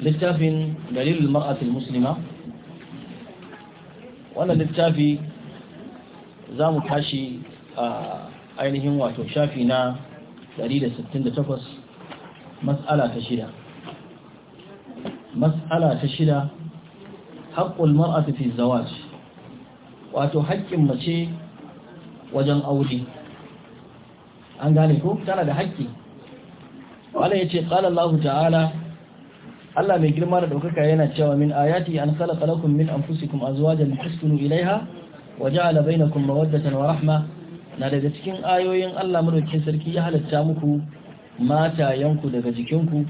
littafin dalilin mar'atul muslima wannan littafi za mu tashi a ainihin wato shafi na 168 mas'ala ta shida Matsala ta shida haƙƙul mar'atu fi zawaj wato haƙƙin mace wajen aure an gane ko tana da haƙƙi wala ya ce ƙalallahu ta'ala Allah mai girma da ɗaukaka yana cewa min ayati an khalaqa lakum min anfusikum azwajan litaskunu ilaiha wa ja'ala bainakum mawaddatan wa rahma na daga cikin ayoyin Allah madaukakin sarki ya halatta muku matayanku daga jikinku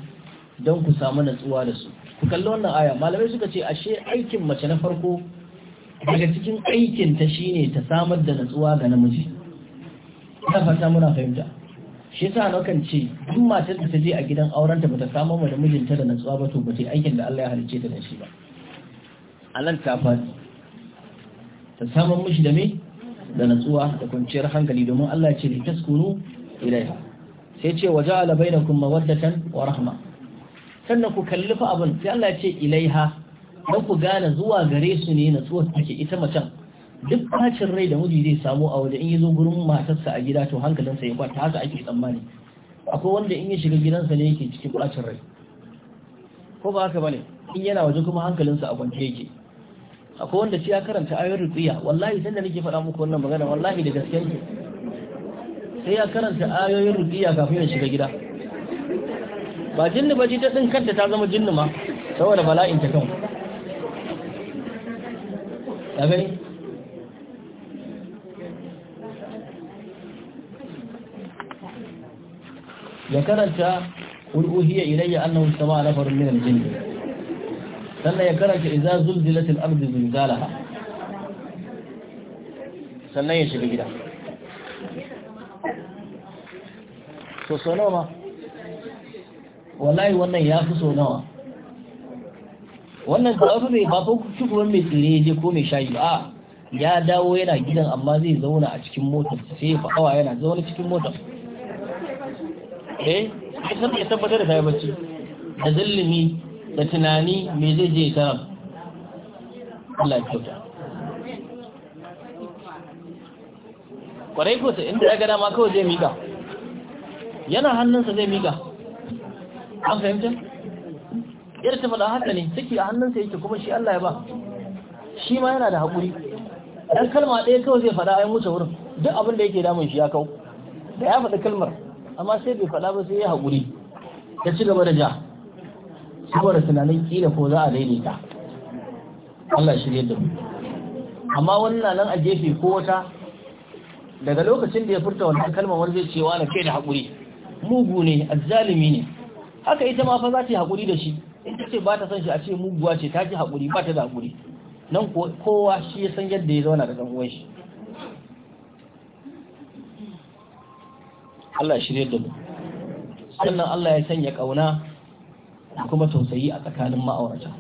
don ku samu natsuwa da su ku kalli wannan aya malamai suka ce ashe aikin mace na farko daga cikin aikin ta shine ta samar da natsuwa ga namiji ina fata muna fahimta shi sa na kan ce duk matar da ta je a gidan aurenta bata samu wa da mijinta da natsuwa ba to ba ta aikin da Allah ya halice ta da shi ba a nan ta faɗi ta samu mishi da me da natsuwa da kwanciyar hankali domin Allah ya ce litaskunu ilaiha sai ce waje ala bainakum mawaddatan wa rahma sannan ku kallifa abin sai Allah ya ce ilaiha dan ku gane zuwa gare su ne natsuwar take ita macen duk bacin rai da muji zai samu a waje in yi zo gurin matarsa a gida to hankalinsa ya kwata haka ake tsammani akwai wanda in ya shiga gidansa ne yake cikin bacin rai ko ba haka bane in yana waje kuma hankalinsa a kwance yake akwai wanda shi ya karanta ayoyin rukiya wallahi san da nake faɗa muku wannan magana wallahi da gaske ne sai ya karanta ayoyin rukiya kafin ya shiga gida ba jinni ba ji ta din kanta ta zama jinni ma saboda bala'in ta kan ya gani ya karanta qul uhiya ilayya annahu sama'a nafarun min al-jinn sannan ya karanta idza zulzilat al-ardu zilzalaha sannan ya shiga gida so so nawa wallahi wannan ya fi so nawa wannan tsawon mai bafin shugaban mai tsire je ko mai shayi ba ya dawo yana gidan amma zai zauna a cikin motar sai ya fa'awa yana zaune cikin motar eh san ya tabbatar da sai bacci da zulmi da tunani me zai je ta Allah ya kyauta kwarai ko sai inda ya ga dama kawai zai miƙa yana hannunsa zai miƙa an fahimta yadda ta faɗa haka ne suke a hannunsa yake kuma shi Allah ya ba shi ma yana da haƙuri dan kalma ɗaya kawai zai faɗa yi wuce wurin duk abin da yake damun shi ya kau da ya faɗi kalmar amma sai bai faɗa ba sai ya hakuri. ta ci gaba da ja saboda tunanin kila ko za a daidaita Allah shirye da mu amma wannan nan a gefe ko wata daga lokacin da ya furta wannan kalmar wani zai cewa na kai da haƙuri mugu ne azzalimi ne haka ita ma fa za ta yi hakuri da shi in ta ce ba ta san shi a ce muguwa ce ta ki hakuri ba ta da haƙuri nan kowa shi ya san yadda ya zauna da ɗan uwan shi Allah shirye da mu sannan Allah ya sanya ƙauna da kuma tausayi a tsakanin ma'aurata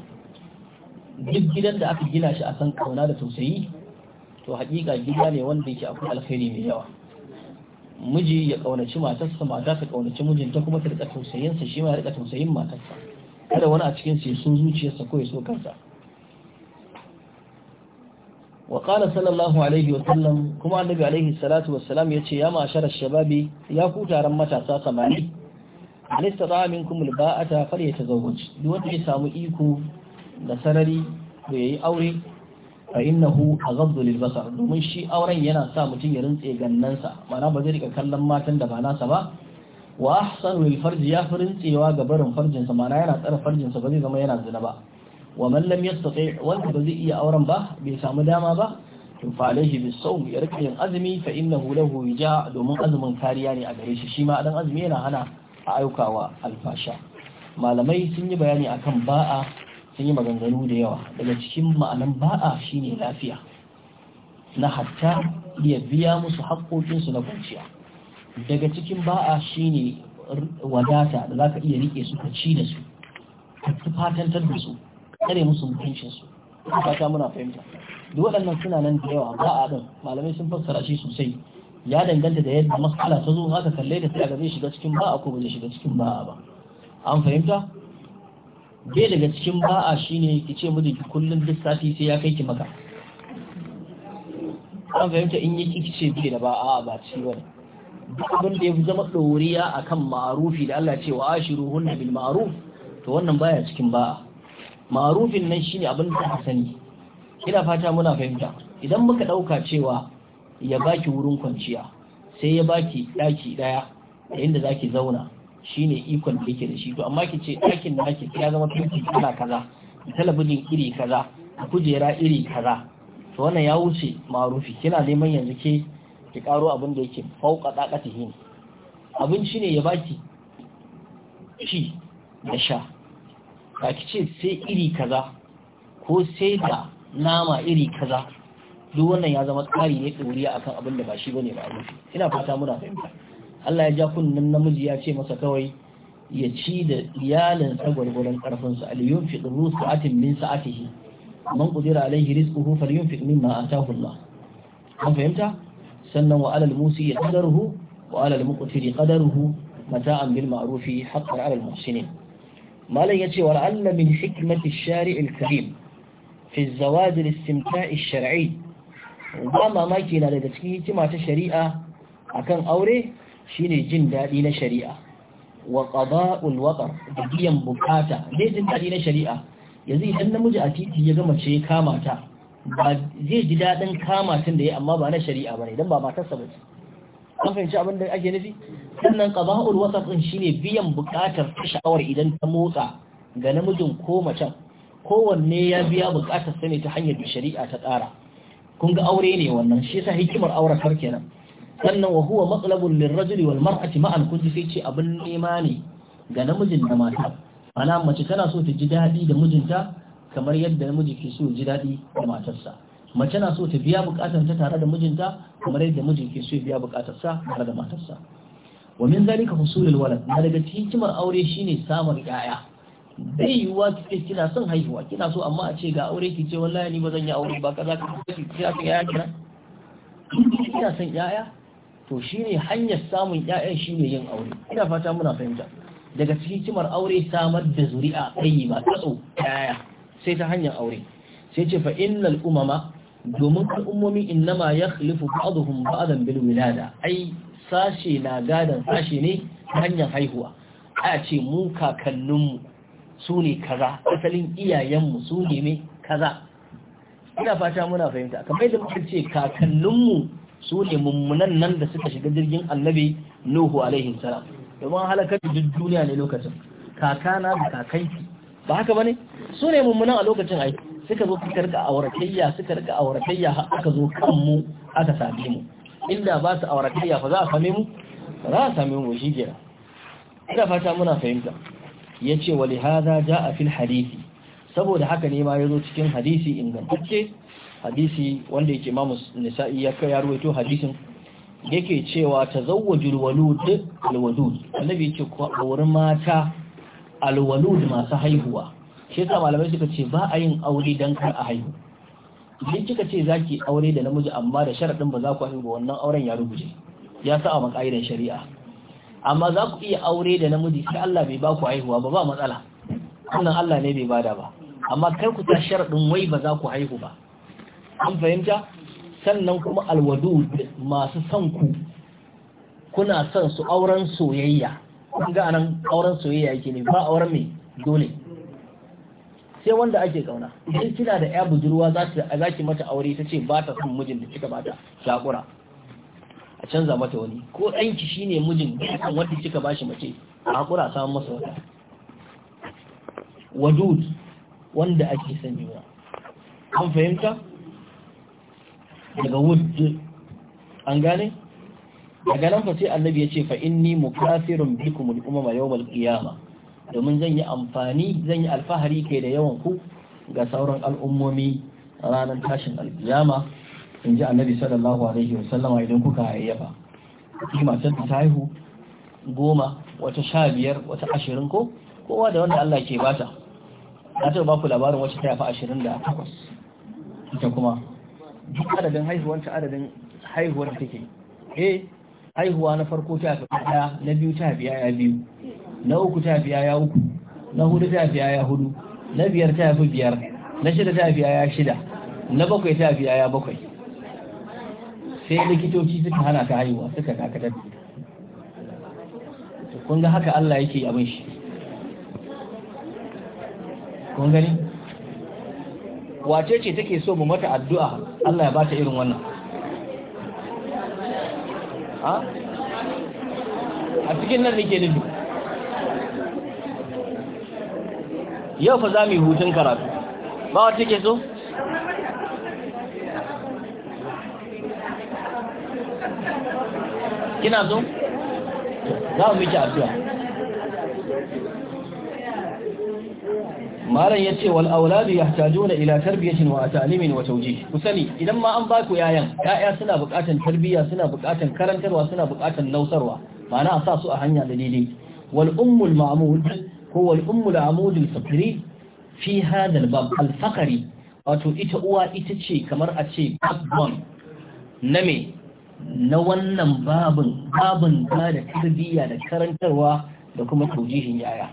duk gidan da aka gina shi a san ƙauna da tausayi to haƙiƙa gida ne wanda yake akwai alkhairi mai yawa miji ya ƙaunaci matarsa mata ta ƙaunaci mijinta kuma ta riƙa tausayinsa shi ma ya riƙa tausayin matarsa kada wani a cikin ya sun zuciyarsa ko ya so kansa wa qala sallallahu alaihi wa sallam kuma annabi alaihi salatu ya yace ya ma'ashara shababi ya ku taron matasa samani kumul istata ta alba'ata ta duk wanda ya samu iko da sarari ya yayi aure a fa innahu aghaddu lilbasar domin shi auren yana sa mutum ya rintse gannansa mana ba zai rika kallon matan da ba nasa ba wa ahsanu lil farji ya fi rintsewa ga barin farjinsa mana yana tsara farjinsa ba zai zama yana zina ba wa mallam ya yastati wanda ba zai iya auren ba bai samu dama ba to fa alaihi bisawm ya rika yin azumi fa innahu lahu wija domin azumin kariya ne a gare shi shi ma dan azumi yana hana a wa alfasha malamai sun yi bayani akan ba'a sun yi maganganu da yawa daga cikin ma'anan ba'a shine lafiya na hatta ya biya musu haƙƙoƙinsu na kwanciya daga cikin ba'a shine wadata da za ka iya riƙe su ka ci da su ka tufatantar da su kare musu mutuncinsu ta muna fahimta duk waɗannan suna nan da yawa ba a ɗin malamai sun fassara shi sosai ya danganta da yadda matsala ta zo haka kalle da sai a zai shiga cikin a ko ba shiga cikin a ba an fahimta bai daga cikin ba a shine ki ce mijinki kullum duk sati sai ya kai ki maka an fahimta in yi ki ce bai da ba'a ba ci ne. duk abin da ya fi zama ɗoriya akan ma'arufi da Allah ce wa ashiru hunna bil ma'ruf to wannan baya cikin ba'a Marufin nan shine abin da aka sani ina fata muna fahimta idan muka dauka cewa ya baki wurin kwanciya sai ya baki daki daya da inda zaki zauna shine ikon da yake da shi to amma kice dakin da nake ya zama tuki kala kaza talabijin iri kaza kujera iri kaza to wannan ya wuce marufi, kina neman yanzu ke ki karo abin da yake fauka dakatihin abinci ne ya baki ci da sha ba ki ce sai iri kaza ko sai da nama iri kaza duk wannan ya zama tsari ne tsoriya akan abin da ba shi bane ba abin ina fata muna fahimta Allah ya ja kunnen namiji ya ce masa kawai ya ci da iyalinsa gwargwaron ƙarfinsa aliyun fi ɗin sa'atin min sa'atihi man qudira alaihi rizquhu falyunfiq mimma ataahu Allah an fahimta sannan wa alal musi ya qadaruhu wa alal muqtiri qadaruhu mata'an bil ma'rufi haqqan alal muhsinin malam yace wa la'alla min hikmati shari'il karim fi zawaj al-istimta'i shar'i ba mamaki na daga cikin hikima ta shari'a akan aure shine jin dadi na shari'a wa qada'ul waqar da biyan bukata ne jin dadi na shari'a yanzu idan namiji a titi ya gama ce kama ta ba zai ji dadin kama tun da ya amma ba na shari'a bane dan ba matarsa bace an fahimci abin da ake nufi sannan qada'ul wasaf din shine biyan bukatar sha'awar idan ta motsa ga namijin ko macen kowanne ya biya bukatar sa ne ta hanyar shari'a ta tsara kun ga aure ne wannan shi yasa hikimar auren har kenan sannan wa huwa matlabun lirrajuli wal mar'ati ma'an kun ji sai ce abin nema ne ga namijin da mata ana mace tana so ta ji daɗi da mijinta kamar yadda namiji ke so ji daɗi da matarsa mace na so ta biya bukatar ta tare da mijinta kamar yadda mijin ke so ya biya bukatar sa tare da matarsa wa min zalika husulul walad na daga kimar aure shine samun yaya bai yiwuwa kike kina son haihuwa kina so amma a ce ga aure ki ce wallahi ni ba zan yi aure ba kaza ka ki kira ka yaya kina kina son yaya to shine hanyar samun yaya shine yin aure ina fata muna fahimta daga kimar aure samar da zuri'a kai ba tsatso yaya sai ta hanyar aure sai ce fa innal umama domin al'ummomi innama ya khalifu ba'aduhum ba'adan bil wilada ai sashe na gadon sashe ne hanyar haihuwa a ce mu kakanninmu su ne kaza asalin iyayenmu su ne mai kaza ina fata muna fahimta kamar yadda muka ce kakanninmu su ne mummunan nan da suka shiga jirgin annabi nuhu alaihi salam domin halakar duk duniya ne lokacin kakana da kakanki ba haka bane su ne mummunan a lokacin aiki suka zo fitar rika auratayya suka riga auratayya har aka zo kan mu aka same mu inda ba su auratayya fa za a same mu za a same mu shi kenan ina fata muna fahimta yace wa lihadha jaa fil hadisi saboda haka ne ma yazo cikin hadisi ingantacce hadisi wanda yake mamu Nisa'i ya kai to hadisin yake cewa tazawwajul walud alwadud annabi ce ku wurin mata alwalud masu haihuwa shi yasa malamai suka ce ba a yin aure dan kar a haihu idan kika ce zaki aure da namiji amma da sharadin ba za ku haihu ba wannan auren ya rubuce ya sa a makaidan shari'a amma za ku iya aure da namiji sai Allah bai ba ku haihuwa ba ba matsala wannan Allah ne bai bada ba amma kai ku ta sharadin wai ba za ku haihu ba an fahimta sannan kuma alwadud masu son ku kuna son su auren soyayya kun ga anan auren soyayya yake ne ba auren mai dole sai wanda ake kauna in kina da ya budurwa za ki mata aure ta ce ba ta son mijin da kika bata shakura a canza mata wani ko ɗanki shi ne mijin da wanda kika bashi mace a hakura samun masa wata wadud wanda ake sanyewa an fahimta daga wud an gane daga nan fa sai annabi ya ce fa inni mukafirun bikum al-umama yawmal qiyamah domin zan yi amfani zan yi alfahari kai da yawan ku ga sauran al'ummomi ranar tashin alkiyama in ji annabi sallallahu alaihi sallama idan kuka hayayyafa kima san ta haihu goma wata sha biyar wata ashirin ko kowa da wanda Allah ke bata na ta ba ku labarin wacce ta yafi ashirin da takwas ita kuma duk adadin ta adadin haihuwar take eh haihuwa na farko ta yafi ɗaya na biyu ta biya ya biyu na uku ta fi ya uku na hudu ta fi ya hudu na biyar ta fi biyar na shida ta fi ya shida na bakwai ta fi ya bakwai sai likitoci suka hana ta haihuwa suka dakatar to kun ga haka Allah yake abin shi kun gani wace ce take so mu mata addu'a Allah ya bata irin wannan a cikin nan nake nufi yau fa za mu yi hutun karatu ba wata ke so? kina so? za mu miki addu'a malam ya ce wal auladu yahtajuna ila tarbiyatin wa ta'limin wa Ku sani, idan ma an baku yayan yaya suna buƙatan tarbiyya suna buƙatan karantarwa suna buƙatan nausarwa mana a sa su a hanya da daidai wal ummul هو الأم العمود الفقري في هذا الباب الفقري wato ita uwa ita ce kamar a ce babban na me na wannan babin babin ba da tarbiyya da karantarwa da kuma taujihin yaya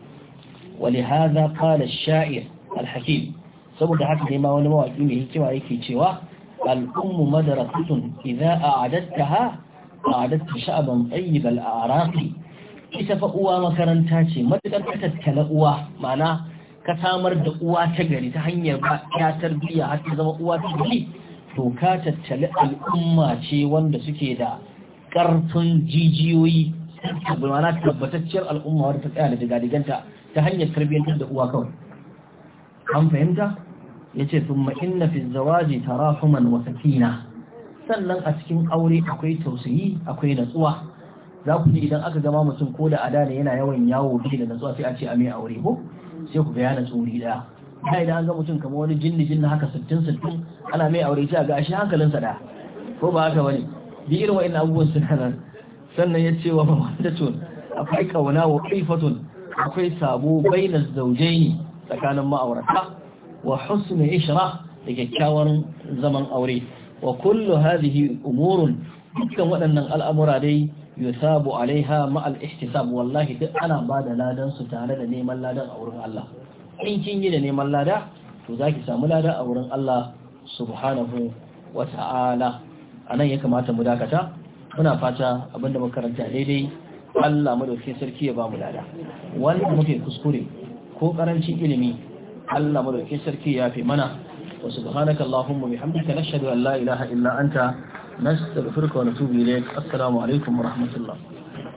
wani hadha qala shair alhakim saboda haka ne ma wani mawaƙi mai hikima yake cewa al-ummu ha a a'adattaha a'adatta sha'ban tayyib al-a'raqi ita fa uwa makaranta ce matuƙar ka tattala uwa ma'ana ka samar da uwa ta gari ta hanyar ba ya tarbiyya har ta zama uwa ta gari to ka tattali al'umma ce wanda suke da ƙarfin jijiyoyi ma'ana tabbatacciyar al'umma wadda ta tsaya da digadiganta ta hanyar tarbiyyantar da uwa kawai an fahimta ya ce sun inna fi zawaji tarahuman wa sakina sannan a cikin aure akwai tausayi akwai natsuwa za ku ji idan aka gama mutum ko da ada ne yana yawan yawo bi da natsuwa sai a ce a mai aure ko sai ku ga yana natsu daya idan an ga mutum kamar wani jinni jinni haka sittin sittin ana mai aure sai a ga shi hankalinsa da ko ba haka bane bi irin wa'annan abubuwan suna nan sannan ya ce wa tun. akwai kauna wa ƙaifatun akwai sabo bainas zaujaini tsakanin ma'aurata wa husnu ishra da kyakkyawan zaman aure wa kullu hadhihi umurun dukkan waɗannan al'amura dai yusabu alaiha ma'al ihtisab wallahi duk ana ba da ladan su tare da neman ladan a wurin Allah in kin yi da neman lada to zaki samu lada a wurin Allah subhanahu wa ta'ala anan ya kamata mu dakata muna fata abinda muka karanta daidai Allah madaukakin sarki ya ba mu lada wanda muke kuskure ko karancin ilimi Allah madaukakin sarki ya fi mana wa subhanaka allahumma bihamdika nashhadu an la ilaha illa anta نستغفرك ونتوب إليك السلام عليكم ورحمة الله